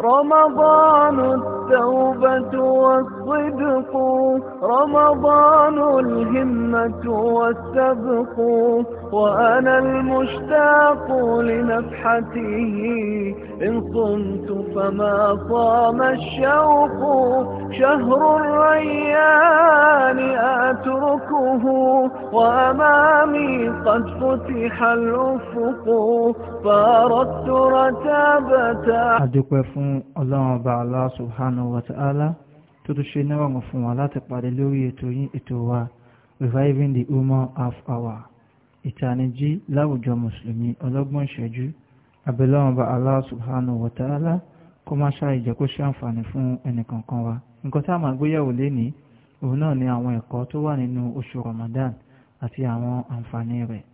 رمضان التوبة والصدق رمضان الهمة والسبق وأنا المشتاق لنفحته إن صمت فما صام الشوق شهر الريان أتركه وأمامي قد فتح الأفق فأردت رتابة الله سبحانه subhanahu wa ta'ala tó tó ṣe náwọn fún wa láti pàdé lórí ètò yín ètò wa reviving the human half hour ìtànìjí láwùjọ mùsùlùmí ọlọ́gbọ̀n ìṣẹ́jú abẹ́lẹ́wọ̀n bá Allah subhanahu wa ta'ala kó má ṣáà ìjẹ́kó ṣe àǹfààní fún ẹnìkankan wa nǹkan tá a máa gbéyàwó lénìí òun náà ni àwọn ẹ̀kọ́ tó wà nínú oṣù Ramadan àti àwọn àǹfààní rẹ̀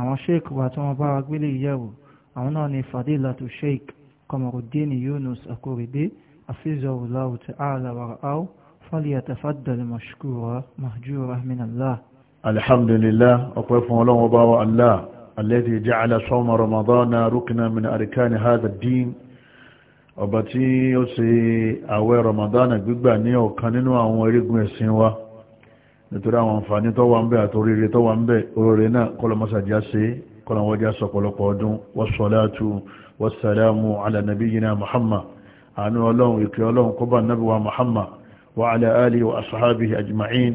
àwọn sheik wa tí wọ́n bá wa gbélé ìyẹ̀wò àwọn náà ni fadilatu sheik Kamaruddin Yunus Akorede حفظه الله تعالى ورعاه فليتفضل مشكورا مهجورا من الله الحمد لله أقف الله وباوى الله الذي جعل صوم رمضان ركنا من أركان هذا الدين ọba tí ó ṣe àwẹ̀ ramadana gbígbà ní ọ̀kan nínú àwọn orígun ẹ̀sìn wa nítorí àwọn àǹfààní tó wà ń bẹ àti oríire tó wà ń bẹ oríire náà kọlọmọsàjá ṣe kọlọmọjá sọpọlọpọ ọdún wassalatu wassalamu ala nabiyyina muhammad àánú ọlọ́run ìkẹ́ ọlọ́run kó bá nábì wa Muhammad wa ala alihi wa ashabihi ajma'in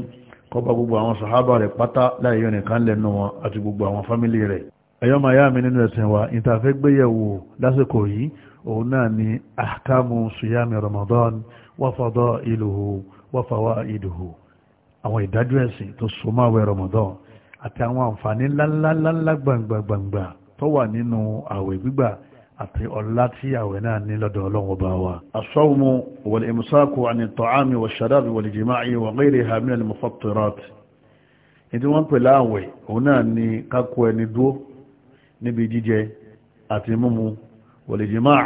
kó bá gbogbo àwọn sàhábà rẹ̀ pátá láyé nìkan lẹ́nu wọn àti gbogbo àwọn fámílì rẹ̀ ẹ̀yọ́ máa yá mi nínú ẹ̀sìn wa ìtafẹ́ gbéyẹ̀wò lásìkò yìí òun náà ni ahkamu suyami Ramadan wa fadailuhu wa fawaiduhu àwọn ìdájọ́ ẹ̀sìn tó súnmọ́ àwẹ̀ Ramadan àti àwọn àǹfààní ńláńláńlá gbàǹgbàǹgbà tó wà nínú àwẹ̀ gbígbà àti ọlá tí àwẹ̀ náà ní lọ́dọ̀ ọlọ́run ọba wa. asọ́wọ́mù wọlé ìmùsáàkù àni tọ́ámi wà ṣàdábì wọlé jìmáàyè wà gẹ́rì hamil ni mufattirat ìdí wọ́n pè láàwẹ̀ òun náà ni kákó ẹni dúó níbi jíjẹ àti mímu wọlé jìmáà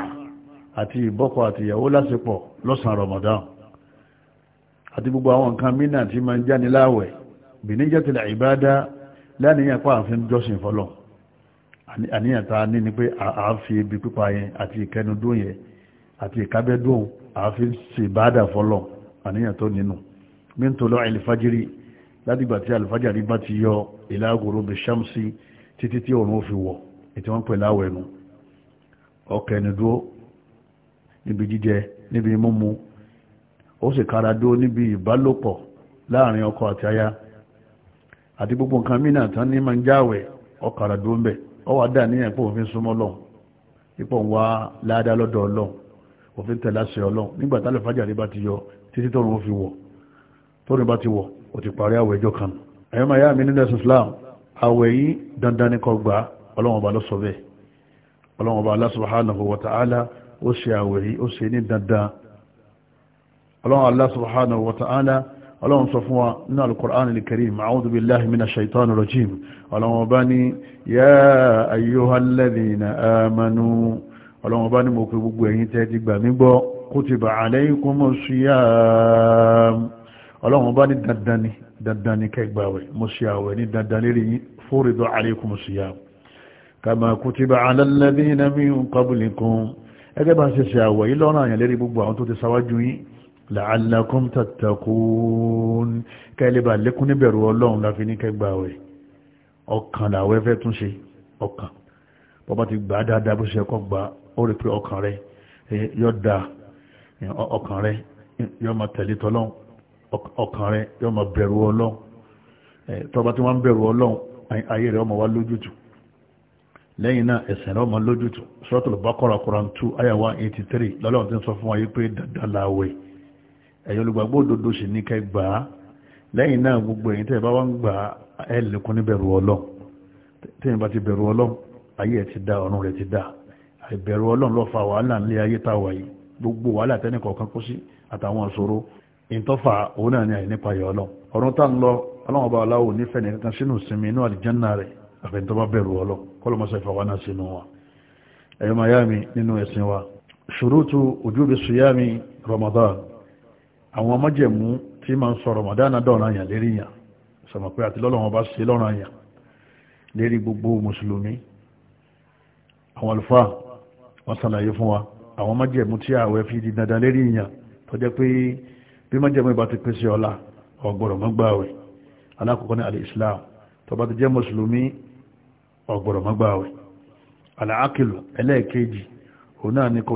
àti ìbọ́kọ àti ìyàwó lásìpọ̀ lọ́sàn ramadan àti gbogbo àwọn nǹkan mínà tí máa ń jáni láàwẹ̀ bìníjẹ́ tilẹ̀ ìbádá láníyàn pàáfin jọ́sìn fọlọ́n àníyàn tá a ní ni pé àá fi ibi pípa yẹn àti ìkẹnudó yẹn àti ìkábẹ́dóhùn àá fi ṣèbáàdà fọlọ́ àníyàn tó nínú min tolo alifajiri látìgbà tí alifajiri bá ti yọ ìlàgòrò bí ṣámsì títí tí òun fi wọ̀ ètí wọ́n pè láwẹ̀nu ọkẹnudó níbi jíjẹ níbi mímu ó sì kára dó níbi ìbálòpọ̀ láàrin ọkọ àti aya àti gbogbo nǹkan mìíràn tán ní máa ń jáwẹ̀ ọkàrà dó ń bẹ̀ ọwọ́ adá níyàn pé òfin súnmọ́ lọ ipò ń wá láàdá lọ́dọ̀ ọlọ́run òfin tẹ̀lá sí ọlọ́run nígbà tálẹ̀ fájàrí bá ti yọ títí tọ́run ó fi wọ̀ tọ́run bá ti wọ̀ ó ti parí àwẹ̀ ẹjọ́ kan ẹ̀yọ́ màá yá mi nílẹ̀ islam àwẹ̀ yìí dandan ní kọgbà ọlọ́run ọba lọ́sọ bẹ́ẹ̀ ọlọ́run ọba Allah subhanahu wa ta'ala ó ṣe àwẹ̀ yìí ó ṣe ní dandan Allah subhanahu wa ọlọ́run sọ fún wa ní al-Qur'an al-Karim a'udhu billahi mina shaitan rajim ọlọ́run bá ní ya ayyuhal ladhina amanu ọlọ́run bá ní mo pé gbogbo ẹ̀yin tẹ́ ti gbà mí gbọ́ kutiba alaykumus siyam ọlọ́run bá ní dandan ni dandan ni kẹgbàwẹ̀ mo ṣe àwẹ̀ ní dandan lérí yín furidu kama kutiba ala alladhina min qablikum ẹgẹ́ bá ṣe ṣe àwẹ̀ yìí lọ́rọ̀ àyàn lérí gbogbo àwọn ti ṣáwájú yín la'allakum tattaqun kẹ́lẹ́bà lékún níbẹ̀rù ọlọ́run láfi ní kẹgbà rẹ̀ ọkàn làwẹ́ fẹ́ tún ṣe ọkàn bọ́bá ti gbà dáadáa bó ṣe kọ́ gbà ó rí pé ọkàn rẹ̀ yọ da ọkàn rẹ̀ yọ ma tẹ̀lé tọ́lọ́run ọkàn rẹ̀ yọ ma bẹ̀rù ọlọ́run tọ́ba tí wọ́n bẹ̀rù ọlọ́run ayé rẹ̀ ọmọ wa lójútù lẹ́yìn náà ẹ̀sẹ̀ rẹ̀ ọmọ lójútù Suratul Baqara Quran 2 ayah 183 lọ́lọ́run ti sọ fún wa yí pé dandan láwẹ̀ẹ́ ẹ̀yin olùgbàgbọ́ òdodo sì ní kẹ́ gbà á lẹ́yìn náà gbogbo ẹ̀yin tẹ́ ẹ bá wá ń gbà á ẹ lẹ́kún ní bẹ̀rù ọlọ́run tẹ́yìn bá ti bẹ̀rù ọlọ́run ayé ẹ̀ ti da ọ̀run rẹ̀ ti da àìbẹ̀rù ọlọ́run ló fa wàhálà nílé ayé tá a wà yìí gbogbo wàhálà tẹ́nì kọ̀ọ̀kan kó sí àtàwọn ìṣòro ìtọ́fà òun náà ni àìnípa ayọ̀ ọlọ́run ọ̀run tá ń lọ ọlọ́run ọba aláwò nífẹ̀ẹ́ ní kankan sínú ìsinmi inú àlìjánná rẹ̀ àfẹ́ntọ́ bá àwọn májẹ̀mú tí ma ń sọ Ramadana dọ̀rọ̀ àyàn lérí yàn sọmọ pé àti lọ́lọ́wọ́n bá ṣe lọ́rọ̀ lérí gbogbo mùsùlùmí àwọn àlùfáà wọ́n sàlàyé fún wa àwọn májẹ̀mú tí àwẹ̀ fi di dandan lérí yàn tó bí ìbá pèsè ọ̀la ọ̀gbọ̀rọ̀ mọ́gbàwẹ̀ alákọ̀ọ́kọ́ ní islam tó bá ti jẹ́ mùsùlùmí ọ̀gbọ̀rọ̀ mọ́gbàwẹ̀ ẹlẹ́ẹ̀kejì òun náà ni kò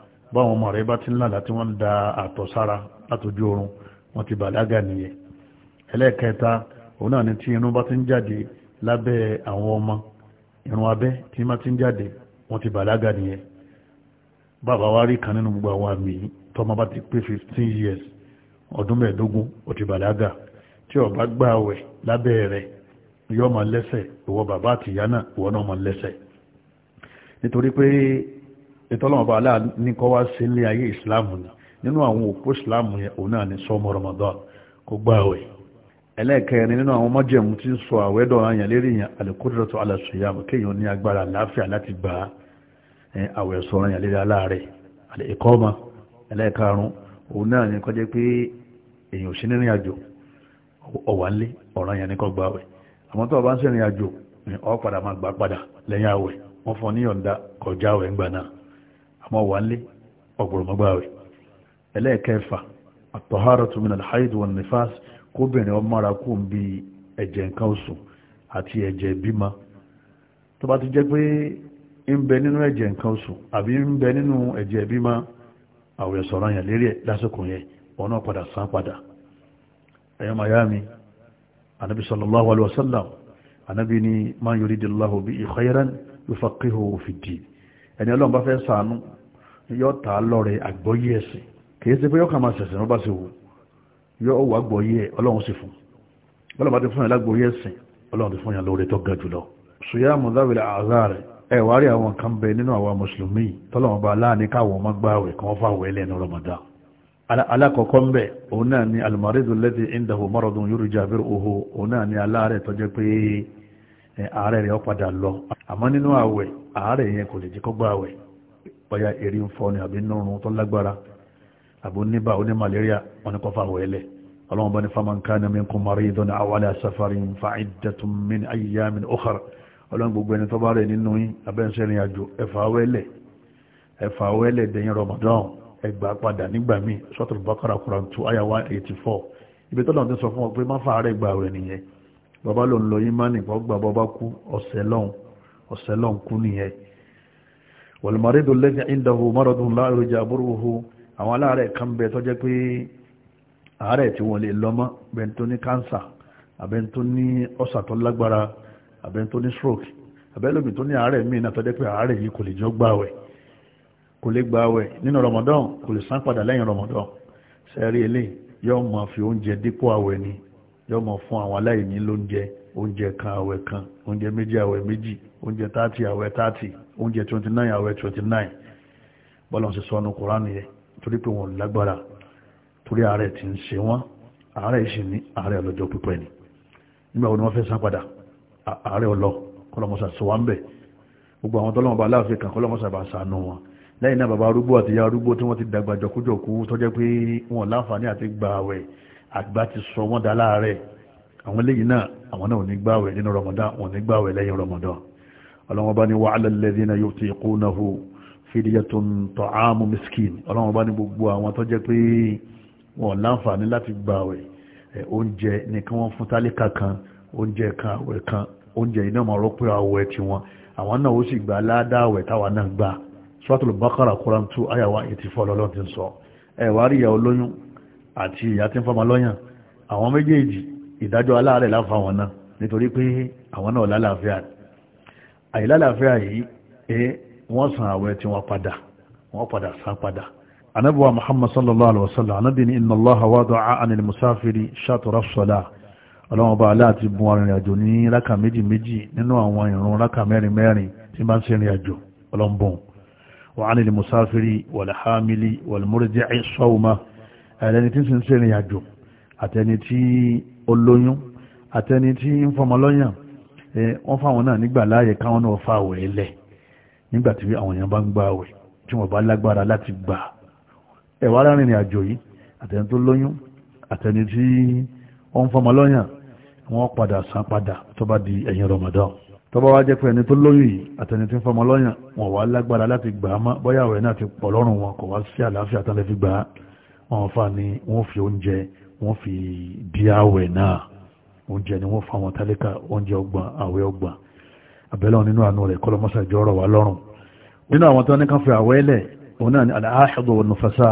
báwọn ọmọ rẹ̀ bá ti ń lálà wọ́n da àtọ̀ sára látòjú oorun wọ́n ti bàlágà nìyẹn ẹlẹ́ẹ̀kẹta òun náà ni tí irun bá ti ń jáde lábẹ́ àwọn ọmọ irun abẹ́ tí má ti ń jáde wọ́n ti bàlágà nìyẹn bàbá wa rí kan nínú gbogbo àwọn àmì tọ́mọ bá ti pé fifteen years ọdún mẹ́ẹ̀ẹ́dógún ó ti bàlágà tí ó bá gbààwẹ̀ lábẹ́ rẹ̀ yóò máa lẹ́ṣẹ̀ ìwọ bàbá àtìyá náà ìwọ náà máa lẹ́ṣẹ̀ nítorí pé ìtọ́lọ́mọba aláà ní kọ́ wá sí ilé ayé ìsìláàmù náà nínú àwọn òpó ìsìláàmù yẹn òun náà ní sọmọ Ramadan kó gbá àwẹ̀ ẹlẹ́ẹ̀kẹrin nínú àwọn mọ́jẹ̀mú tí ń sọ àwẹ́dọ̀ àyàn lérí yẹn alqudratu ala siyam kéèyàn ní agbára àláfíà láti gba àwẹ̀ sọ̀rọ̀ àyàn lérí aláàrẹ̀ al-iqama ẹlẹ́ẹ̀karùn òun náà ní kọjá pé èèyàn ò sí nínú àjò ọ̀wà ńlé ọ̀rọ̀ àyàn ní kọ́ gba àwẹ̀ àmọ́ tó o mọ wà ń lé ọ̀gbọ̀rọ̀mọ́gbàwẹ̀ ẹlẹ́ẹ̀kẹfà at-taharatu min al-hayd wan-nifas kóbìnrin ọmọ ara kò ń bi ẹ̀jẹ̀ nǹkan oṣù àti ẹ̀jẹ̀ bímọ tó bá ti jẹ́ pé ń bẹ nínú ẹ̀jẹ̀ nǹkan oṣù àbí ń bẹ nínú ẹ̀jẹ̀ bímọ àwẹ̀ sọ̀rọ̀ àyàn lérí ẹ̀ lásìkò yẹn wọn náà padà san padà ẹ̀yọ́ mayami anabi sallallahu alayhi wa sallam anabi ni yóò ta lọ́rẹ̀ àgbọ́yé ẹ̀sìn kìí ṣe pé yóò kà máa ṣẹ̀ṣẹ̀ ló bá ṣe wò yóò wà àgbọ́yé ẹ̀ ọlọ́run sì fún ọlọ́run bá ti fún yàn lágbọ́yé ẹ̀sìn ọlọ́run ti fún yàn lóore tó ga jùlọ. ṣùyà mọ̀dáwìlẹ̀ àzáàrẹ̀ ẹ wá rí àwọn kan bẹ nínú àwa mùsùlùmí tọ́lọ́run bá láàánú káwọn ọmọ gbá rẹ̀ kí wọ́n fà wẹ́ lẹ́nu rọmọdá. alákọ̀ọ́kọ́ ń bẹ̀ òun náà ni alimaridu lẹ́dí indahu maradun bóyá eré ń fọ́ ni àbí nírun tó lágbára àbí oníbà oní malaria wọn ni kò fà wẹ́lẹ̀ ọlọ́run bá ní faman kana minkum maridun aw ala safarin fa'iddatun min ayyamin ukhar ọlọ́run gbogbo ẹni tó bá rẹ̀ nínú yín abẹ́ǹsẹ̀ rìn àjò ẹ̀fà wẹ́lẹ̀ ẹ̀fà wẹ́lẹ̀ dẹ̀yìn Ramadan ẹgbà padà nígbà míì suratul Baqara Qur'an 2 aya 184 ibi tọ́lọ́run ti sọ fún ọ pé má fà rẹ̀ gbà rẹ̀ nìyẹn bàbá lọ yín má nìkan gbà bọ́ bá kú ọ̀sẹ̀ lọ́hùn ọ̀sẹ̀ lọ́hùn kú nìyẹn wàlùmọ́rẹ́dù lẹ́sìn ìdáhù mọ́rọ̀dún láàrù jàbúrúhù àwọn aláàrẹ̀ kan bẹ tó jẹ́ pé àárẹ̀ tí wọ́n lè lọ́mọ́ bẹ́ẹ̀ tó ní kánsà àbẹ́ẹ̀ tó ní ọ̀sà tó lágbára àbẹ́ẹ̀ tó ní stroke àbẹ́ẹ̀ lómi tó ní àárẹ̀ míì náà tó jẹ́ pé àárẹ̀ yìí kò lè jọ gbààwẹ̀ kò lè gbààwẹ̀ nínú Ramadan kò lè san padà lẹ́yìn Ramadan sẹ́rí eléyìí yóò máa fi oúnjẹ dípò àwẹ̀ ni yóò máa fún àwọn aláìní lóúnjẹ oúnjẹ kan àwẹ̀ kan oúnjẹ méjì àwẹ̀ méjì oúnjẹ tààtì àwẹ̀ tààtì oúnjẹ twenty nine àwẹ̀ twenty nine bọ́lá ń ṣe sọ ọ́nù kúránì yẹn torí pé wọ́n lágbára torí ààrẹ ti ń ṣe wọ́n ààrẹ ìṣìn ní ààrẹ ọlọ́jọ́ pípẹ́ ni nígbà wo ni wọ́n fẹ́ sá padà ààrẹ ọlọ́ kọlọmọsà sọ wá ń bẹ̀ gbogbo àwọn tọ́lọ́mọ bá láàfin kan kọlọmọsà bá sànù wọn lẹ́yìn náà bàbá arúgbó àti ìyá arúgbó tí wọ́n ti dàgbà jọkújọkú tọ́jẹ́ pé wọn láǹfààní àti gbà àgbà ti sọ wọ́n dá láàárẹ̀ àwọn eléyìí náà àwọn náà ò ní gbáwẹ̀ nínú Ramadan wọn ní gbáwẹ̀ lẹ́yìn Ramadan ọlọ́wọ́n bá ní wa 'ala alladhina yutiqunahu fidyatun ta'amu miskin ọlọ́wọ́n bá ní gbogbo àwọn tó jẹ́ pé wọn láǹfààní láti gbáwẹ̀ oúnjẹ nìkan wọn fún tálíkà kan oúnjẹ kan àwẹ̀ kan oúnjẹ iná máa rọ́pẹ́ àwẹ̀ tí wọn àwọn náà ó àwọn méjèèjì ìdájọ́ aláàrẹ̀ láfa wọn náà nítorí pé àwọn náà lálàáfíà àìlálàáfíà yìí ẹ wọ́n san àwẹ̀ tí wọ́n padà wọ́n padà san padà anábíwá muhammad sallallahu alaihi wasallam anábì ní inna allaha wada'a anil musafiri shatra salah ọlọ́wọ́n bá aláàtí bun arìnrìn àjò ní rákà méjì méjì nínú àwọn ìrún rákà mẹ́rin mẹ́rin tí bá ń ṣe ìrìn àjò ọlọ́mbọ̀n wà á nílì musafiri wàlhámílì wàlmúrẹ́jẹ́ sọ́ọ̀mà ẹ̀rẹ́ni àtẹni tí ó lóyún àtẹni tí ń fọmọ lọ́yàn wọ́n fáwọn náà nígbà láàyè káwọn náà fa àwẹ̀ ẹlẹ̀ nígbà tí àwọn èèyàn bá ń gba àwẹ̀ tí wọ́n bá lágbára láti gbà ẹ̀wà arìnrìn àjò yìí àtẹni tó lóyún àtẹni tí ó fọmọ lọ́yàn wọ́n padà san padà tó bá di ẹ̀yìn Ramadan tó bá wá jẹ́ pé ẹni tó lóyún yìí àtẹni tí ń fọmọ lọ́yàn wọ́n wá lágbára láti gbà á mọ́ bóyá àwẹ̀ náà ti pọ̀ lọ́rùn wọn kò wá sí àlàáfíà tán lè fi gbà á wọn fa ni wọ́n fi oúnjẹ wọ́n fi di àwẹ̀ náà oúnjẹ ni wọ́n fáwọn tálíkà oúnjẹ ọgbọ̀n àwẹ̀ ọgbọ̀n abẹ́lẹ́wọ̀n nínú àánú rẹ̀ kọ́lọ́mọ́sà ọ̀rọ̀ wa lọ́rùn nínú àwọn tó ní kan fi àwẹ̀ ni aláhàdù onufasa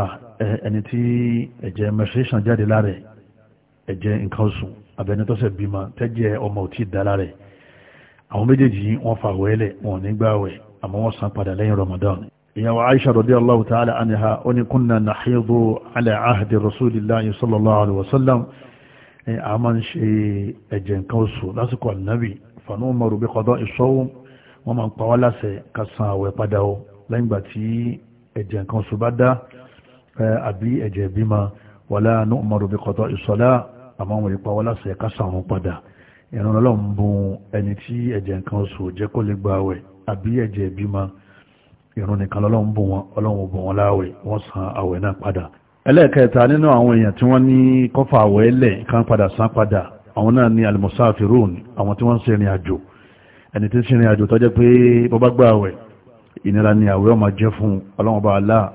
ẹni tí ẹ̀jẹ̀ menstruation jáde lára ẹ̀jẹ̀ nǹkan oṣù abẹ́ni tó ṣẹ̀ bímọ tẹ́jẹ̀ ọmọ òtí dá lára àwọn méjèèjì wọ́n fa àwẹ̀ lẹ̀ wọn ò ní gbààwẹ̀ àmọ́ wọ́n san padà lẹ́yìn Ramadan ìyàwó Aisha radiyallahu ta'ala anha ó ní kunna nahidu ala ahdi rasulillahi sallallahu alaihi wasallam a máa ń ṣe ẹ̀jẹ̀ nǹkan oṣù lásìkò ànábì fanumaru bi qada'i sawm wọ́n máa ń pa wá láṣẹ ká san àwẹ̀ padà o lẹ́yìn ìgbà tí ẹ̀jẹ̀ nǹkan oṣù bá dá àbí ẹ̀jẹ̀ ìbímọ wala nu'maru bi qada'i salat àmọ́ wọ́n yìí pa wá láṣẹ ká san àwọn padà ìrànlọ́lọ́ ń bùn ẹni tí ẹ̀jẹ̀ nǹkan oṣù jẹ́ kó lè gba àwẹ̀ àbí ẹ̀jẹ̀ ìbímọ ìrun nìkan lọ́lọ́run bò wọn ọlọ́run bò wọn láàwẹ̀ wọ́n san àwẹ̀ náà padà ẹlẹ́ẹ̀kẹta nínú àwọn èèyàn tí wọ́n ní kọ́fà àwẹ̀ ẹlẹ̀ kan padà san padà àwọn náà ni almusafirun àwọn tí wọ́n ń ṣe àjò ẹni tí ń ṣe àjò tó pé bọ́bá àwẹ̀ ìnira ni àwẹ̀ ọmọ jẹ́ fún ọlọ́run bá aláà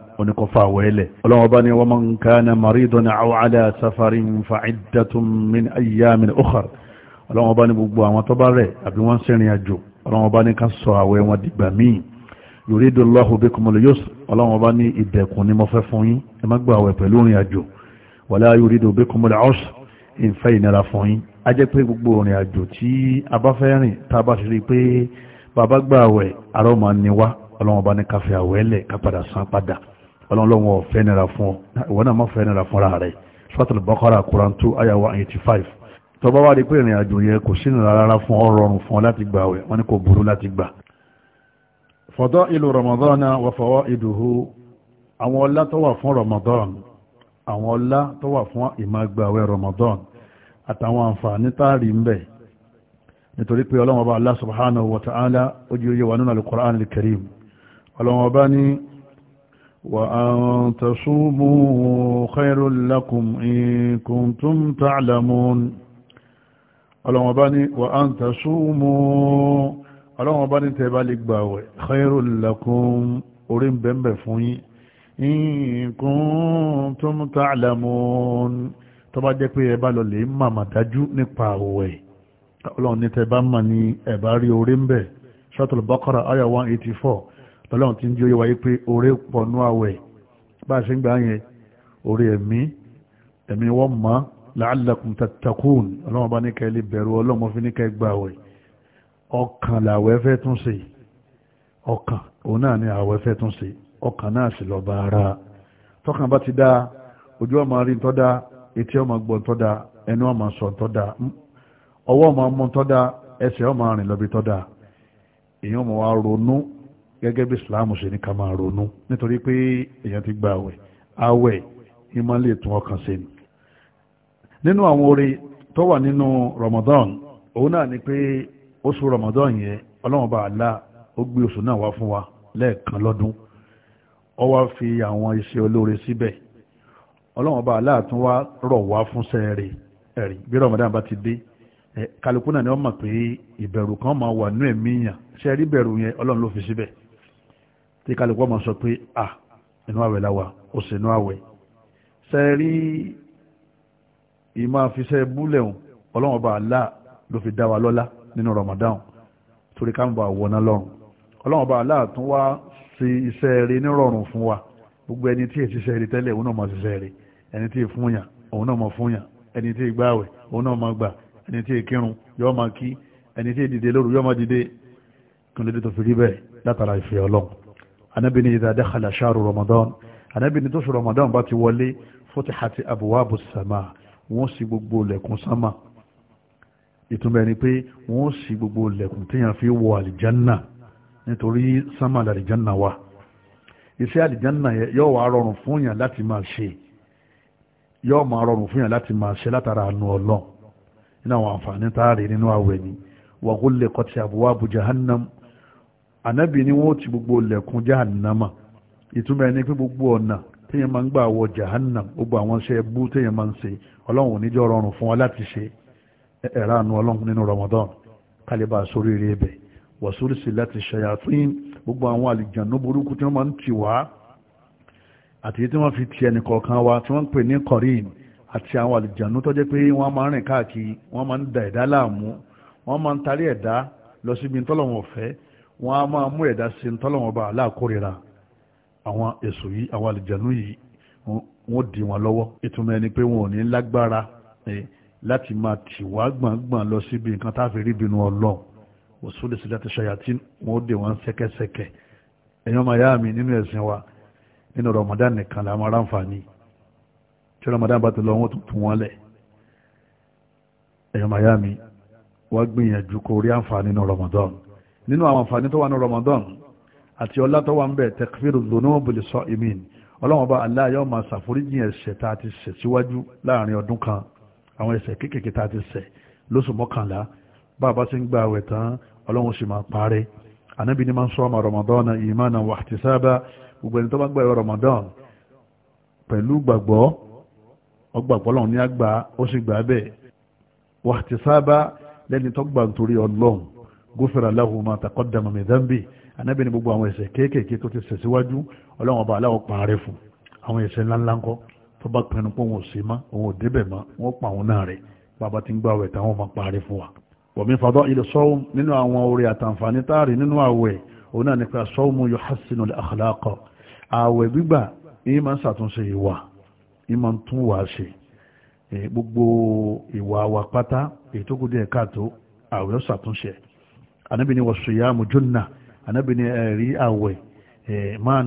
oníkọfà ní gbogbo àwọn tó rẹ̀ àbí wọ́n sẹ́rin àjò ọlọ́wọ́ bá ní ká sọ àwẹ̀ wọn dìgbà míì yuridu Allahu bikumul yusr ọlọ́run ọba ní ìdẹ̀kùn ni mo fẹ́ fún yín ẹ má gbà wẹ̀ pẹ̀lú orin àjò wala yuridu bikumul usr ìfẹ́ ìnira fún yín a jẹ́ pé gbogbo orin àjò tí a bá fẹ́ rìn tá a bá ti rí pé bàbá gbà wẹ̀ arọ́ máa ní wá ọlọ́run ọba ní káfẹ́ àwẹ́lẹ̀ ká padà san padà ọlọ́run ọ̀fẹ́ nira fún ọ ìwọ náà má fẹ́ nira fún fadailu ramadana wa fawaiduhu àwọn ọlá tó wà fún ramadan àwọn ọlá tó wà fún ìmàgbàwẹ̀ ramadan àtàwọn àǹfààní táàrí ń bẹ nítorí pé ọlọ́wọ́ bá Allah subhanahu wa ta'ala ó jí oye wà nínú al-Qur'an ọlọ́wọ́ bá ní wa an tasumu khairul lakum ọlọ́wọ́ bá ní wa an tasumu ọlọ́wọ́n bá ní tẹ́ bá lè gbà wẹ̀ khairul lakum orí ń bẹ̀m̀bẹ̀ fún yín in kuntum ta'lamun tó bá jẹ́ pé ẹ bá lọ lè màmà dájú nípa àwẹ̀ ọlọ́wọ́n ní tẹ́ bá mà ní ẹ bá rí orí ń bẹ̀ Suratul Baqara aya 184 lọ́lọ́wọ́n ti ń jẹ́ wáyé pé orí pọ̀ àwẹ̀ bá a ṣe ń gbà yẹn orí ẹ̀mí ẹ̀mí wọ́n mọ́ la'allakum tattaqun ọlọ́wọ́n bá ní kẹ́ lè bẹ̀rù ọlọ́wọ́n fi ní kẹ́ gbà wẹ̀ ọkàn làwẹ́ tún ṣe ọkàn òun náà ni àwẹ́ tún ọkàn náà sì lọ bá ara tọkàn bá ti dá ojú ọmọ rí tọ́dá etí ọmọ gbọ́ tọ́dá ẹnu ọmọ sọ tọ́dá ọwọ́ ọmọ mú tọ́dá ẹsẹ̀ ọmọ rìn tọ́dá èyàn ọmọ wa ronú gẹ́gẹ́ bí ṣe ká máa ronú nítorí pé èyàn ti gba àwẹ̀ àwẹ̀ ìmọ̀ lè tún ọkàn ni nínú Ramadan òun náà ni oṣù Ramadan yẹn ọlọ́wọ́n bá Allah ó gbé oṣù náà wá fún wa lẹ́ẹ̀kan lọ́dún ọ wá fi àwọn iṣẹ́ olóore síbẹ̀ ọlọ́wọ́n bá Allah tún wá rọ̀ wá fún sẹ́ẹ̀rì ẹ̀rí bí Ramadan bá ti dé kálukú náà ni wọ́n mọ̀ pé ìbẹ̀rù kan máa wà nú ẹ̀mí yàn sẹ́ẹ̀rí bẹ̀rù yẹn ọlọ́run ló fi síbẹ̀ tí kálukú máa sọ pé à inú àwẹ̀ láwa ó sì inú àwẹ̀ sẹ́ẹ̀rí ìmọ̀ àfisẹ́ búlẹ̀ ọlọ́wọ́n bá Allah ló fi dá wa lọ́lá nínú Ramadan torí ká ń bọ̀ àwọ̀nà lọ́rùn ọlọ́run bá aláà wá sí iṣẹ́ rẹ̀ nírọ̀rùn fún wa gbogbo ẹni tí èsì iṣẹ́ rẹ̀ tẹ́lẹ̀ òun náà mọ̀ ṣiṣẹ́ rẹ̀ ẹni tí ìfúnyàn òun náà mọ̀ fúnyàn ẹni tí ìgbààwẹ̀ òun náà mọ̀ gbà ẹni tí ìkírun yóò máa kí ẹni tí ìdìde lóru yóò máa dìde kún lédè tó fi rí bẹ́ẹ̀ látara ìfẹ́ ọlọ́run anábì ní idha dakhala shahru Ramadan anábì ní tóṣù Ramadan bá ti wọlé futihati abwabu sama wọ́n sì gbogbo lẹ̀kùn ìtumọ̀ ni pé wọ́n sì gbogbo lẹ̀kùn téèyàn fi wọ àlìjánà nítorí sánmà àlìjánà wa iṣẹ́ àlìjánà yóò wá rọrùn fún yàn láti máa ṣe yóò máa rọrùn fún yàn láti máa ṣe látara àánú ọlọ́ nínú àwọn àǹfààní tá nínú àwẹ̀ ni wa ghulliqat abwabu jahannam ànábì ni wọ́n ti gbogbo lẹ̀kùn jahannama ìtumọ̀ ni pé gbogbo ọ̀nà téèyàn máa ń gbà wọ jahannam gbogbo àwọn iṣẹ́ bú téèyàn máa ń ṣe ọlọ́run ò ní jọ́ rọrùn fún wa láti ṣe ẹ̀rá àánú ọlọ́run nínú Ramadan kálíbà sórí rí ibẹ̀ wọ̀sórí láti ṣayatín gbogbo àwọn àlìjànú burúkú tí wọ́n máa ń tì wá àti tí wọ́n fi ti ẹnì kọ̀ọ̀kan wa tí wọ́n ń pè ní kọ̀rin àti àwọn àlìjànú tó jẹ́ pé wọ́n máa ń rìn káàkiri wọ́n máa ń da ẹ̀dá láàmú wọ́n máa ń tarí ẹ̀dá lọ síbi ntọ́lọ́wọ̀n ọ̀fẹ́ wọ́n á máa mú ẹ̀dá sí ntọ́lọ́wọ̀n bá aláàkórira àwọn èso yìí àwọn àlìjànú yìí wọ́n dì wọ́n lọ́wọ́ ìtumọ̀ ẹni pé wọn ò ní lágbára eh, láti máa tìwá gbọ̀ngbọ̀n lọ síbi nǹkan tá a fi rí bínú ọlọ́run òṣèlú sílẹ̀ ti ṣayàtí wọn ó dè wọn ṣẹ́kẹ́ṣẹkẹ̀ ẹ̀yàn máa yá mi nínú ẹ̀sìn wa nínú Ramadan nìkan la máa ráǹfààní tí Ramadan bá ti lọ wọn tuntun wọn lẹ̀ ẹ̀yàn máa yá mi wá gbìyànjú kó rí àǹfààní nínú Ramadan nínú àwọn àǹfààní tó wà ní Ramadan àti ọlá tó wà ń bẹ̀ tẹkfíru dhunubu li sa'imin ọlọ́wọ́n bá Allah yóò máa ṣàforíjì ẹ̀ṣẹ̀ tá a ti ṣẹ̀ síwájú láàrin ọdún kan àwọn ẹ̀ṣẹ̀ kéékèèké tá a ti ṣẹ̀ lóṣù mọ́kànlá bá a bá ti ń gba àwẹ̀ tán ọlọ́run sì máa parẹ́ ànábì ni máa ń sọ ọmọ ramadan ìmánà wà ti sábà gbogbo ẹni tó bá gba ẹ̀rọ ramadan pẹ̀lú gbàgbọ́ ọgbàgbọ́ lọ́run ní àgbà ó sì gbà bẹ́ẹ̀ wà ti sábà lẹ́ni tó gbà nítorí ọlọ́run gófìrà lahu ma taqaddama min dhanbi ànábì ni gbogbo àwọn ẹ̀ṣẹ̀ kéékèèké tó ti ṣẹ̀ síwájú ọlọ́run ọba aláwọ̀ pààrẹ fún àwọn ẹ̀ṣẹ̀ ńláńlá ńkọ́ tó bá pinnu pé òun ò sí mọ́ òun ò débẹ̀ mọ́ wọ́n pa òun náà rẹ̀ bàbá ti ń gbà wẹ̀ táwọn máa parí fún wa. wọ̀mí fadọ́ ilẹ̀ sọ́wọ́n nínú àwọn orí àtàǹfààní táàrí nínú àwẹ̀ òun náà nípa sọ́wọ́n yóò hásìnà àkàlàkọ àwẹ̀ gbígbà yìí máa ń ṣàtúnṣe ìwà yìí máa ń tún wà ṣe gbogbo ìwà wa pátá èyí tó kù díẹ̀ káàtó àwẹ̀ ó ṣàtúnṣe ànábì ni wọ́n mùjúnà ànábì ẹ̀rí àwẹ̀ máa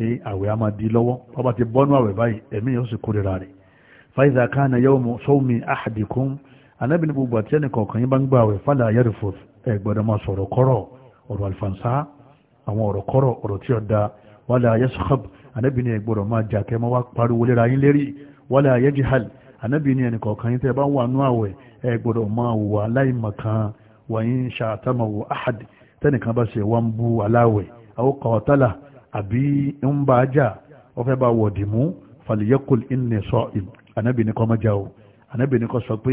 àwẹ̀ a máa di lọ́wọ́ ọba ti bọ́nú àwẹ̀ báyìí ẹ̀mí yóò sì kórira rẹ̀ faiza kana yawmu sawmi ahadikum anábì ní gbogbo àti ẹnìkọ̀ọ̀kan yín bá ń gba àwẹ̀ fala yarfud ẹ̀ gbọ́dọ̀ máa sọ̀rọ̀ kọ́rọ̀ ọ̀rọ̀ alfansa àwọn ọ̀rọ̀ kọ́rọ̀ ọ̀rọ̀ tí ó da wala yaskhab anábì ní ẹ gbọ́dọ̀ máa jà kẹ́ máa wá pariwo lera yín lérí wala yajhal anábì ní ẹnìkọ̀ọ̀kan yín tẹ́ bá wà nú àwẹ̀ ẹ gbọ́dọ̀ máa wà aláìmọ̀kan wà yín ṣàtàmọ̀wò ahad tẹ́nìkan bá ṣe wá ń bú aláwẹ̀ àwọn kọ̀ọ̀tálà àbí ń bá a jà ọfẹ́ bá wọ̀dì mú fàlìyẹ́kùl ìnnì sọ ìm anábì ní kọ́ mọ́ já o anábì ní kọ́ sọ pé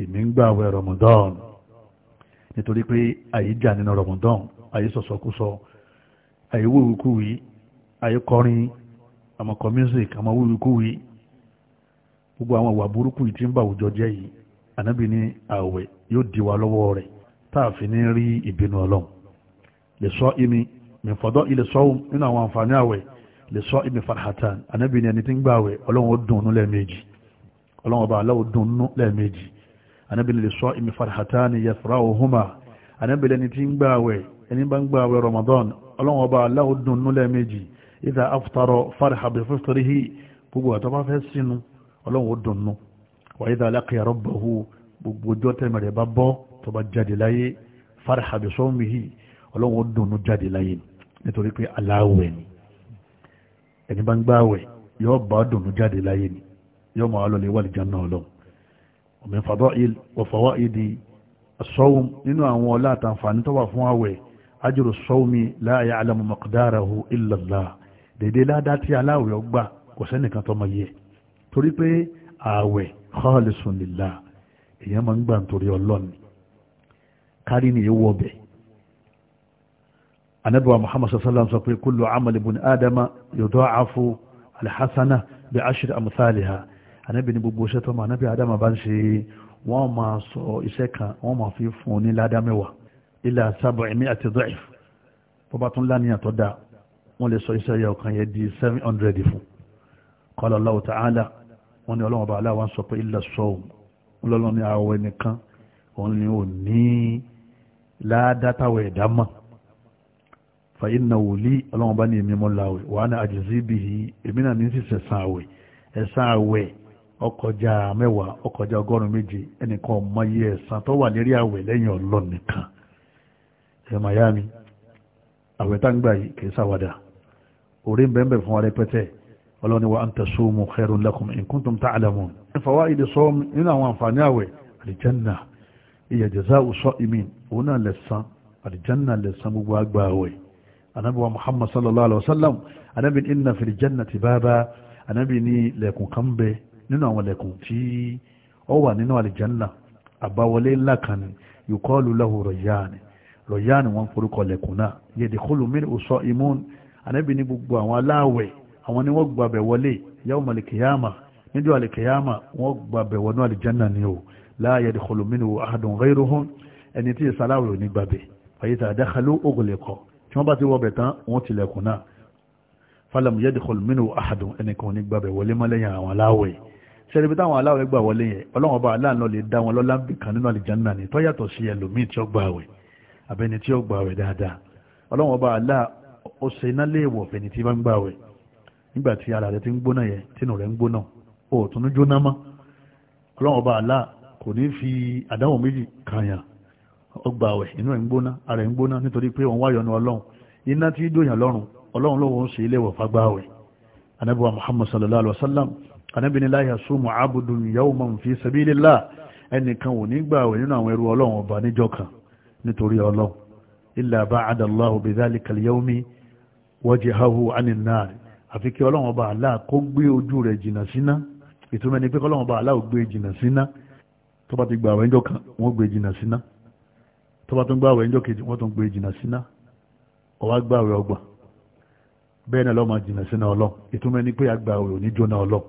èmi ń gbà wẹ̀ rọmọdán nítorí pé àyè jà nínú rọmọdán àyè sọ̀sọ̀kúsọ àyè wíwíkúwí àyè kọrin àmọ̀kọ music àmọ̀ wíwíkúwí gbogbo àwọn ìwà burúkú yìí tí ń bá àwùjọ jẹ́ yìí anábì àwẹ̀ yóò di wa lọ́wọ́ rẹ̀ táàfin ní rí ìbínú ọlọ́run lè sọ ìmí mẹ̀fọ́dọ́ ilẹ̀ sọ́wọ́ nínú àwọn àǹfààní àwẹ̀ lè sọ ibi farhatan anábì ni ẹni tí ń gbà àwẹ̀ ọlọ́run ó dùnnú lẹ́ẹ̀mejì ọlọ́run ọba aláwọ̀ dùnnú lẹ́ẹ̀mejì anábì ni lè sọ ibi farhatan yafrahuhuma anábì ni ẹni tí ń gbà àwẹ̀ ẹni bá ń gbà àwẹ̀ Ramadan ọlọ́run ọba aláwọ̀ dùnnú lẹ́ẹ̀mejì idha aftara farha bi fitrihi gbogbo àtọ́ bá fẹ́ sínú ọlọ́run ó wa idha laqiya rabbahu gbogbo ọjọ́ tẹ̀mẹ̀rẹ̀ bá bọ́ tó bá jáde láyé farha bi ọlọ́run dùnú jáde láyé ni nítorí pé aláwẹ̀ ni ẹni bá ń gbààwẹ̀ yóò bá dùnú jáde láyé ni yóò máa lọ lè wà lìjà náà lọ min fadail wa fawaidi as nínú àwọn ọlá àtàǹfààní tó wà fún àwẹ̀ ajru as-sawmi la ya'lamu miqdarahu illa Allah dèdè ládá tí aláwẹ̀ ọgbà kò sẹ́nìkan tó máa yẹ torí pé àwẹ̀ khalisun lillah èèyàn máa ń gbà nítorí Ọlọ́run kárí ni èèwọ̀ bẹ́ẹ̀ anabiwa muhammad sallallahu sọ pé kullu amali bun adama yudha'afu alhassana bi ashri amthaliha anabi ni gbogbo iṣẹ́ tó ma anabi adama bá ń ṣe wọ́n ma sọ iṣẹ́ kan wọ́n ma fi fún ní ládámẹ́wà ila sab'imi'ati dha'if bó bá tún láníyàn tó dáa wọ́n lè sọ iṣẹ́ yẹ ọ̀kan yẹ di 700 fún qala Allahu ta'ala wọ́n ni ọlọ́wọ́ bá aláwọ̀ sọ pé illa sawm wọ́n ní àwọ̀ ẹnìkan òun ni ò ní ládátàwọ̀ ẹ̀dá mọ́ fàyín na wòlí ọlọ́run bá ní èmi mọ́ láwẹ̀ wà á ní àjẹsí bìí èmi náà ní sì sẹ̀sán àwẹ̀ ẹ̀sán àwẹ̀ ọkọjá mẹ́wàá ọkọjá ọgọ́rùn-ún méje ẹnìkan ọmọ yẹ ẹ̀sán tó wà lérí àwẹ̀ lẹ́yìn ọlọ́run nìkan ẹ̀ mayami àwẹ̀ tá ń gbà yìí kìí sáwádà orí ń bẹ́ẹ̀ fún wa rẹpẹtẹ ọlọ́run wa an tasumu khairun lakum in kuntum anabi wa muhammad sallallahu alaihi wasallam anabi inna fil jannati baba anabi ni lẹ̀kùn kan bẹ nínú àwọn lẹ̀kùn tí ó wà nínú àlìjánà àbáwọlé ńlá kan ni yukọlu lahu rọ̀yáni rọ̀yáni wọn forúkọ lẹ̀kùn náà yẹ̀dì kọlu min ọ̀sọ́ imun anabi ni gbogbo àwọn aláwẹ̀ àwọn ni wọ́n gbàbẹ̀ wọlé yawma alikiyama níjọ́ alikiyama wọ́n gbàbẹ̀ wọnú àlìjánà ni o la yẹ̀dì kọlu min ọ̀hadùn ghayruhum ẹni tí ìsàláwẹ̀ ò ní gbàbẹ̀ fàyíta àdákàlú ògùlẹ̀kọ̀ọ́ wọ́n bá ti wọ́bẹ̀ tán wọ́n tilẹ̀kùn náà falamu yadkhul minhu ahadun ẹnìkan ní gbàbẹ̀ wọlé mọ́lẹ́yìn àwọn aláwẹ̀ sẹ́ríbi táwọn aláwẹ̀ gbà wọlé yẹn ọlọ́run ọba aláàánú lè dá wọn lọ́lá bí kan nínú àlìjánná ni tó yàtọ̀ sí ẹlòmíì tí ó gbà wẹ̀ àbẹni tí ó gbà wẹ̀ dáadáa ọlọ́run ọba aláà ó ṣe iná léèwọ̀ fẹ̀ni tí bá fi àdáwọ̀ méjì kan ọgbà wẹ̀ inú ẹ̀ ń gbóná ara ẹ̀ ń gbóná nítorí pé òun wáyọ̀ ní ọlọ́run iná tí dòyàn lọ́rùn ọlọ́run lóhun ṣe ilé wọ̀ fagbá wẹ̀ anabi wa muhammad sallallahu alaihi wa sallam anabi ni láyà súnmọ́ abudun yawman fi sabilillah ẹnìkan ò ní gbà wẹ̀ nínú àwọn ẹrú ọlọ́run ọba níjọ́ kan nítorí ọlọ́run illa ba'ada allahu bi dhalika al-yawmi wajhahu 'ani an àfi kí ọlọ́run ọba Allah kó gbé ojú rẹ̀ jìnnà síná ìtumọ̀ ni pé kọ́lọ́run ọba Allah ò gbé jìnnà síná tó bá ti gbà wẹ̀ níjọ́ kan wọ́n gbé jìnnà síná tó bá tún gbàwẹ̀ ẹjọ́ kejì wọ́n tún gbé jìnà síná ọwá gbàwẹ̀ ọgbà bẹ́ẹ̀ náà lọ́mọ jìnà síná ọlọ́n ìtumọ̀ ní pé agbàwẹ̀ òní jóná ọlọ́n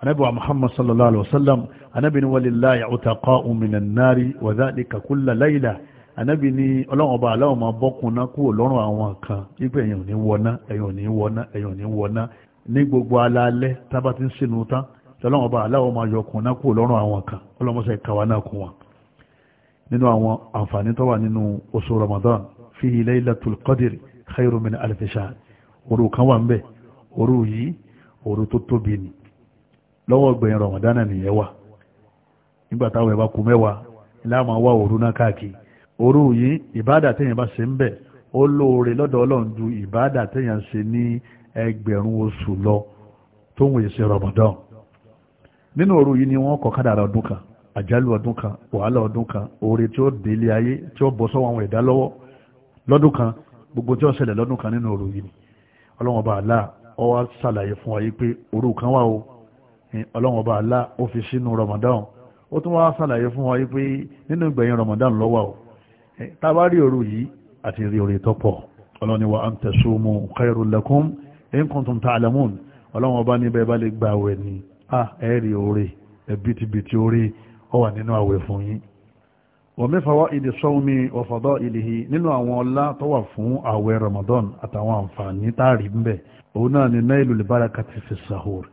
anabi muhammad sallallahu alaihi wasallam anabi ni walillahi utaqa'u minan nari wa dhalika layla anabi ni ọlọ́run ọba aláwọ̀ máa bọ́kùnná kúrò lọ́rùn àwọn kan wípé ẹ̀yin ò ní wọná ẹ̀yin ò ní wọná ẹ̀yin ò ní wọná ní gbogbo alaalẹ́ tábà ti ń sinú tán ọlọ́run ọba aláwọ̀ nínú àwọn àǹfààní tó wà nínú oṣù Ramadan fihi laylatul qadri khairu min alf shahr òru kan wà ń bẹ òru yìí òru tó tóbi ni lọ́wọ́ gbẹ̀yìn Ramadan nìyẹn wà nígbà táwọn ẹ̀ bá kú mẹ́wàá láàmú wá òru náà káàkiri òru yìí ìbáàdà téèyàn bá ṣe ń bẹ ó lóore lọ́dọ̀ ọlọ́run ju ìbáàdà téèyàn ṣe ní ẹgbẹ̀rún oṣù lọ tóun èsì Ramadan nínú òru yìí ni wọ́n kọ kádàrà ọdún kan àjálù ọdún kan wàhálà ọdún kan oore tí ó délé ayé tí ó bọ́ sọ́wọ́ àwọn ẹ̀dá lọ́wọ́ lọ́dún kan gbogbo tí ó ṣẹlẹ̀ lọ́dún kan nínú òru yìí ọlọ́wọ́n bá àlá ó wá ṣàlàyé fún wa yìí pé òru kan wà o ọlọ́wọ́n bá àlá ó fi sínú Ramadan ó tún wá ṣàlàyé fún wa yìí pé nínú ìgbẹ̀yìn Ramadan ló wà o tá a bá rí òru yìí àti rí oore tó pọ̀ ọlọ́wọ́n bá níbẹ̀ bá lè gbà wẹ̀ ni ah ẹ̀rí oore ó wà nínú àwẹ̀ fún yín wa min fawaidi sawmi wa fadailihi nínú àwọn ọlá tó wà fún àwẹ̀ Ramadan àtàwọn àǹfààní táàrí ń bẹ̀ òun náà ni náà ìlú lìbáraka ti fi sahur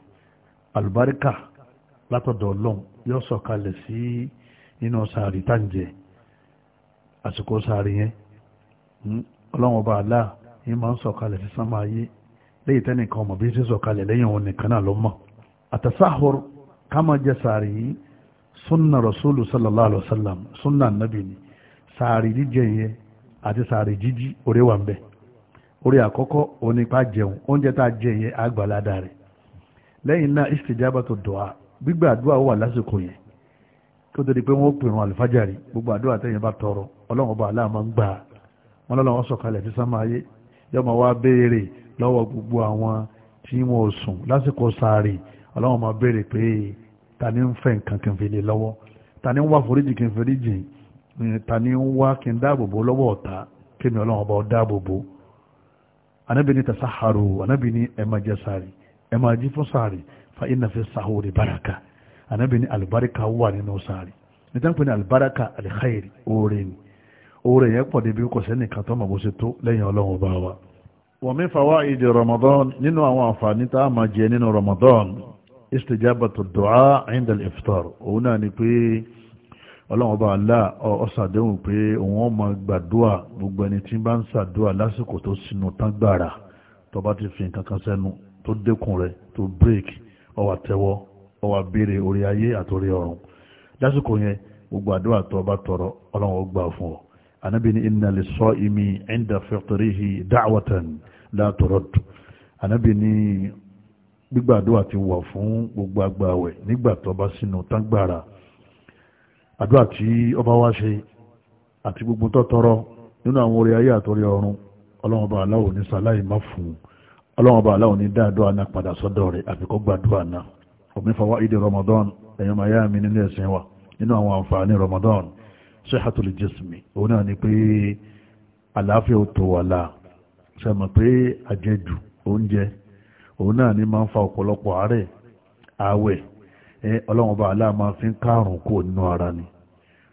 albarika látọ̀dọ̀ ọlọ́run yóò sọ̀kalẹ̀ sí nínú sàárì tàǹjẹ̀ àsìkò sàárì yẹn hmm, ọlọ́run ọba àlá yìí máa ń sọ̀kalẹ̀ sí sánmà ayé lẹ́yìn tẹ́nìkan ọmọ bí ṣe sọ̀kalẹ̀ lẹ́yìn òun nìkan náà ló mọ̀ àtàsáhùr ká máa jẹ sàárì yìí sunna rasulu sallallahu alaihi wasallam sunna nabi ni sàárì jíjẹ yẹn àti sàárì jíjí orí wà ń bẹ orí àkọ́kọ́ onípa jẹun oúnjẹ tá a jẹ yẹn àgbàládà rẹ̀ lẹ́yìn náà istijabatu du'a gbígbà àdúrà wà lásìkò yẹn kí ó tó di pé wọ́n pèrún àlùfájàrí gbogbo àdúrà tẹ́yìn bá tọrọ ọlọ́run bá aláàmọ́ ń gbà wọn lọ́lọ́wọ́ sọ̀kalẹ̀ sí sámà ayé yọmọ wá béèrè lọ́wọ́ gbogbo àwọn tí wọ́n sùn lásìkò sàárì ọlọ́run máa béèrè pé Tani ni ń fẹ́ nǹkan kí n fi lè lọ́wọ́ ta ni ń wá foríjì kí n foríjì eh, ta ni ń wá kí n dáàbòbò lọ́wọ́ ọ̀tá kí mi ọlọ́run ọba dáàbòbò anábì ní tasaharu anábì ní ẹ máa fún sààrì fa inna fi sahuri baraka anábì ní alibarika wà nínú sààrì nítorí pé ní alibarika alikhairi oore ni oore yẹn pọ̀ débi kò sẹ́ni kan tó máa bó ṣe tó lẹ́yìn ọlọ́run ọba wa. wa min fawaidi Ramadan nínú àwọn àǹfààní tá a máa jẹ nínú Ramadan istijabatu du'a 'inda al-iftar òun náà ni pé ọlọ́run ọba Allah ọ̀sàdéhùn pé òun ọmọ gbàdúà gbogbo ẹni tí bá ń sàdúà lásìkò tó sinú tán gbàrà tó bá ti fi nǹkan kan sẹ́nu tó dẹ́kun rẹ̀ tó break ọwà tẹ́wọ́ ọwà béèrè orí ayé àtòrí ọ̀run lásìkò yẹn gbogbo àdúrà tó bá tọrọ ọlọ́run gbà fún ọ anábì ní inna lis-sa'imi 'inda fitrihi da'watan la turad anábì gbígbàdúrà ti wà fún gbogbo agbáwẹ̀ nígbà tó bá sínú tágbàrà àdúrà tí ọba wá ṣe àti gbogbo tọ́tọ́rọ́ nínú àwọn orí ayé àtọ́rí ọ̀run ọlọ́run ọba aláwọ̀ ní sàláì má fún un ọlọ́run ọba aláwọ̀ ní dáadọ́ àná padà sọ́dọ̀ rẹ̀ àbíkọ́ gbàdúrà náà òmìnfàwá ìdè Ramadan ẹ̀yọ́ màá yá mi nínú ẹ̀sìn wa nínú àwọn àǹfààní Ramadan sihhatul jismi òun náà ni pé àlàáfíà ò tó wà láà sẹ́mọ̀ pé àjẹjù oúnjẹ òun náà ni máa ń fa ọ̀pọ̀lọpọ̀ àárẹ̀ àwẹ̀ ọlọ́run bá aláà fi ń kò ara ni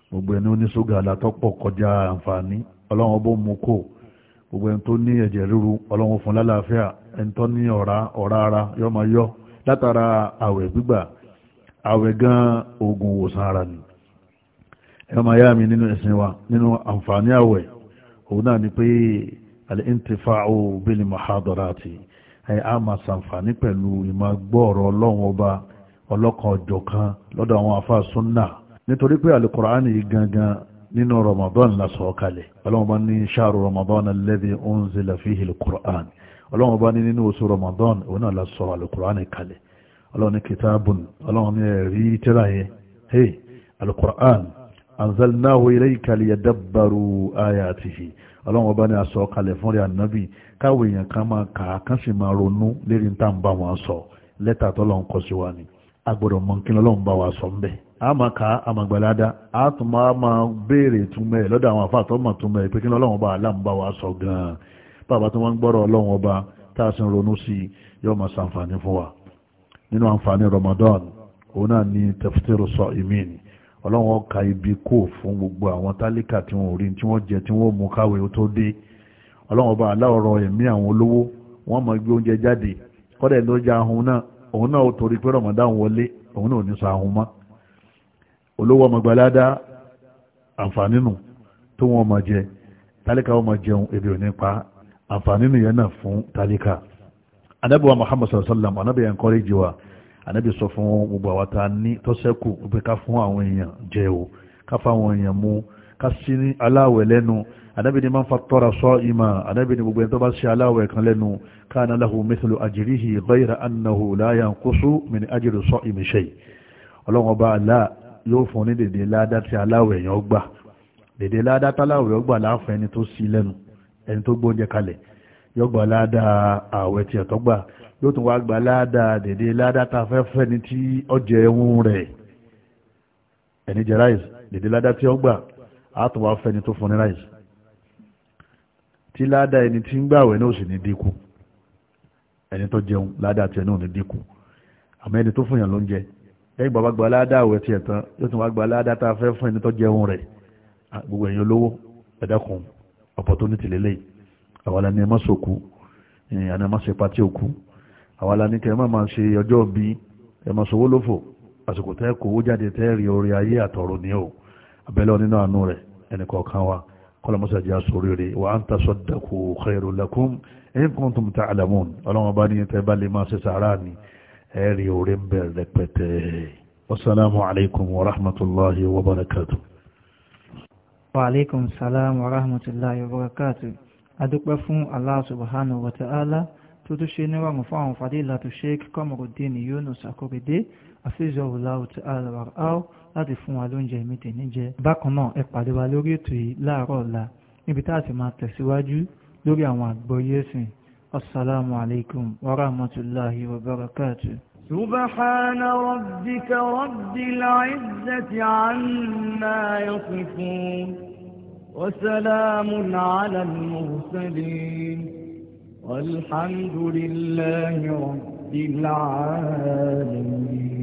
gbogbo ẹni oní látọ́pọ̀ kọjá àǹfààní ọlọ́run mú kò gbogbo ẹni tó ní ẹ̀jẹ̀ ríru ọlọ́run fún lálàáfíà ẹni tó ara yọ latara yọ látara àwẹ̀ gbígbà gan oògùn òwòsàn ara ni wa nínú àǹfààní òun náà ni pé a máa ṣàǹfààní pẹ̀lú ìmọ̀ gbọ́ ọ̀rọ̀ ọlọ́run ọba ọlọ́kan ọ̀jọ̀kan lọ́dọ̀ àwọn àfáà súnà nítorí pé alukur'ani gangan nínú ramadan la sọ̀ kalẹ̀ ọlọ́run bá ní ṣáàrù ramadan alladhi unzila fihi alukur'an ọlọ́run bá ní nínú oṣù ramadan òun náà la sọ̀ alukur'ani kalẹ̀ ọlọ́run ní kìtàbùn ọlọ́run ní ẹ̀rí tírà yẹn hey alukur'an anzalnahu ilayka liyadabbaru ayatihi ọlọ́run bá ní a sọ̀ kalẹ̀ fún rẹ̀ káwé èèyàn kan máa kà á kán sì máa ronú lérí ní táwọn bá wọn sọ lẹ́tà tọ́lọ́run kọ sí wa ni a gbọ́dọ̀ mọ kí lọ́lọ́run bá wa sọ ń bẹ̀. a máa kà á a máa gbalada a tún máa máa béèrè túmẹ̀ lọ́dọ̀ àwọn àfáà tó mọ̀ túmẹ̀ pé kí lọ́lọ́run bá aláàmú bá wa sọ gan-an bàbá tó wọ́n ń gbọ́rọ̀ ọlọ́run ọba tá a sì ń ronú sí i yóò máa ṣàǹfààní fún wa nínú àǹfààní Ramadan òun náà ní tafsiru sa'imin ọlọ́run ó ka ibi kó fún gbogbo àwọn tálíkà tí wọ́n rí tí wọ́n jẹ tí wọ́n mú káwé tó dé ọlọ́run ọba aláwọ̀rọ̀ ẹ̀mí àwọn olówó wọ́n máa gbé oúnjẹ jáde kọ́dẹ̀ ló já ahun náà òun náà ó torí pé ramadan wọlé òun náà ò ní sọ ahun mọ́ olówó ọmọ gbalada àǹfààní nù tó wọn máa jẹ tálíkà wọn máa jẹun ebi ò ní pa àǹfààní nù yẹn náà fún tálíkà anábì wa muhammad sallallahu alaihi wasallam anábì yẹn kọ́rí jìwà anábì sọ fún gbogbo àwọn ta ní tọ́sẹ́kù pé ká fún àwọn èèyàn jẹ o ká fún àwọn èèyàn mu ká sí aláwẹ̀ lẹ́nu anábì ni máa ń fa tọ́ra sọ ìmọ̀ anábì ni gbogbo ẹni tó bá ṣe aláwẹ̀ kan lẹ́nu káàna lahu mithlu ajrihi ghayra annahu la yanqusu min ajri sa'imi shay ọlọ́run ọba àlá yóò fún ní dèdè ládá tí aláwẹ̀ yàn gbà dèdè ládá táláwẹ̀ ọgbà láàfẹ́ ẹni tó sí lẹ́nu ẹni tó gbóúnjẹ kalẹ̀ yóò wá fẹ́ ni tó fún ní ráìs tí ládá ẹni tí ń gbàwẹ̀ náà sì ní dínkù ẹni tó jẹun ládá tiẹ̀ náà ní dínkù àmọ́ ẹni tó fúnyàn ló ń jẹ ẹ̀yìn bàbá gba ládá àwẹ̀ tiẹ̀ tán yóò tún wá gba ládá tá a fẹ́ fún ẹni tó jẹun rẹ̀ gbogbo èèyàn olówó ẹ̀dẹ́kùn opportunity lélẹ́yìí àwọn ẹni ẹmọ́ sòkú ẹni ẹmọ́ ṣe pàtí òkú àwọn ẹni kẹ́ máa ṣe ọjọ́ bí ẹmọ́ sowó lófò àsìkò tẹ́ kówó jáde tẹ́ rí orí ayé àtọ̀rọ̀ ní o abẹ́lẹ́ nínú àánú rẹ̀ ẹnì kọ̀ọ̀kan wa kọlọmọsá jẹ́ àsoríire wa an tasaddaqu khairu lakum in kuntum ta'lamun ọlọ́wọ́n bá ní tẹ́ bá lè máa ṣe sàárà ni ẹ̀rí orí ń bẹ̀rẹ̀ rẹpẹtẹ. wasalaamu alaykum wa rahmatulahi wa barakatu. wa aleykum salaam wa rahmatulahi wa barakatu. adúpẹ́ fún allah subhanahu wa ta'ala tó tún ṣe níwàmù fún àwọn fadilatu sheikh kọmọrùdín yunus akorede àfihàn àlọ́ láti fún wa lóúnjẹ mi tèmi jẹ. bákan náà ẹ pàdé wa lórí ètò yìí láàárọ̀ ọ̀la níbi tá a ti máa tẹ̀síwájú lórí àwọn àgbọ́yé ẹ̀sìn assalamu alaikum wa rahmatullahi wa barakatuh. سبحان ربك رب العزة عما يصفون وسلام على المرسلين والحمد لله رب العالمين